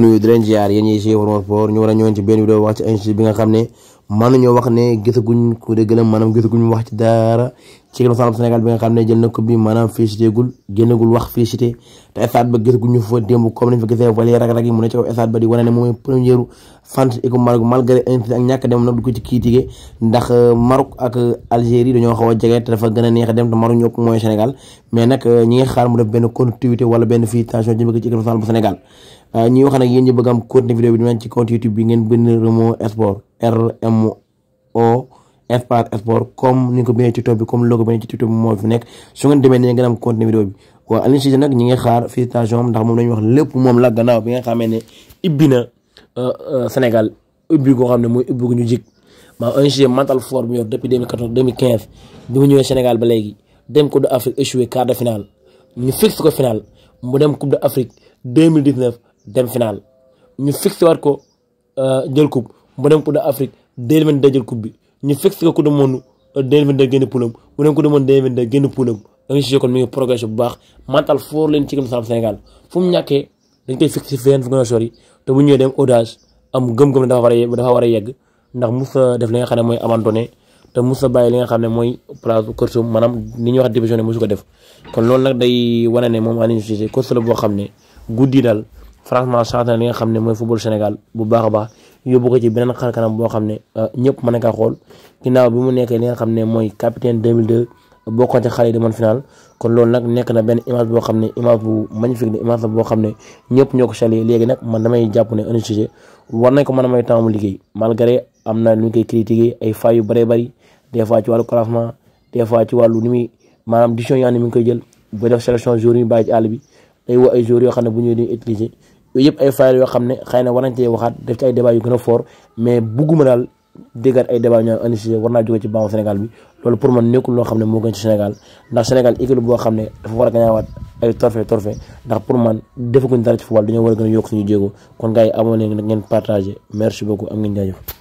nuyu di leen ziar ñiy suivre Mon Sport ñu war a ñëwoon ci benn vidéo wax ci injustice bi nga xam man ñoo wax ne gisaguñ ku de gëlëm maanaam gisaguñ wax ci dara ci gëlëm sanam sénégal bi nga xam ne jël na ko bi maanaam félicité gul génnagul wax félicité ta stade ba gisaguñ fa démb comme nañ fa gisee valé rag rag yi mu ne ci kaw stade ba di wane ne moom première fante équipe Maroc malgré incident ak ñàkk dem nag du ko ci critiqué ndax euh, Maroc ak euh, Algérie dañoo xaw a jege te dafa gën a neex dem te Maroc ñëpp mooy Sénégal mais nag euh, ñi ngi xaar mu def benn continuité wala benn félicitation jëm ci équipe ñi wax ñi bëgg am bi ci compte YouTube bi ngeen bënn Remo Sport RMO Fpath Sport comme ni ko bindee ci YouTube bi comme logo bi ci YouTube bi moo fi nekk su ngeen demee ne gën a am contenu vidéo bi waaw Aliou Cissé nag ñi ngi xaar félicitation ndax moom lañu wax lépp moom la gannaaw bi nga xamee ne ibbi euh, euh, Sénégal ubbi goo xam ne mooy ubbi gu ñu jig maa Aliou Cissé mental fort bi yor depuis 2014 2015 bi mu ñëwee Sénégal ba léegi dem Coupe d'Afrique échoué quart de finale ñu fixe ko final mu dem Coupe d'Afrique 2019 dem final ñu fixe waat ko euh, jël coupe mu dem Coupe d'Afrique 2022 jël ko Coupe du Monde 2022 génn poulam mu dem Coupe du génn poulam da bu baax mental fort leen ci gëm sam Sénégal fu mu ñàkkee dañ koy fekk te bu ñëwee dem audace am gëm-gëm ne dafa war a dafa war a yegg ndax Moussa def li nga xam ne mooy abandonné te Moussa bàyyi li nga xam ne mooy place Korsom maanaam ni ñuy wax division ne mosu ko def kon loolu nag day wane ne moom Aliou Cissé coach la boo xam ne guddi daal franchement changé na li nga xam ne mooy football Sénégal bu baax a baax yóbbu ko ci beneen xar kanam boo xam ne euh, ñëpp mën na kaa xool ginnaaw bi mu nekkee li nga xam ne mooy capitaine 2002 bokkoon ci xale yi demoon final kon loolu nag nekk na benn image boo xam ne image bu magnifique la image boo xam ne ñëpp ñoo ko salué léegi nag man damay jàpp ne Aliou Cissé war nañ ko mën a may temps mu liggéey malgré am na lu ñu koy critiqué ay failles yu bëree bëri des fois ci wàllu classement des fois ci wàllu ni muy maanaam décision yaa ni mi ngi koy jël booy def bi day woo ay joueurs yoo xam ne bu ñëwee dañuy utiliser yooyu yëpp ay fayal yoo xam ne xëy na war nañ cee waxaat def ci ay débat yu gën a fort mais bugguma daal déggaat ay débat ñoo Aliou Cissé war naa jóge ci banc Sénégal bi loolu pour man nekkul loo xam ne moo gën ci Sénégal ndax Sénégal équipe boo xam ne dafa war a gañaawaat ay trophée trophée ndax pour man defaguñ dara ci football dañoo war a gën a yokk suñu jéego kon gars yi amoon nañ ngeen partagé merci beaucoup am ngeen jaajëf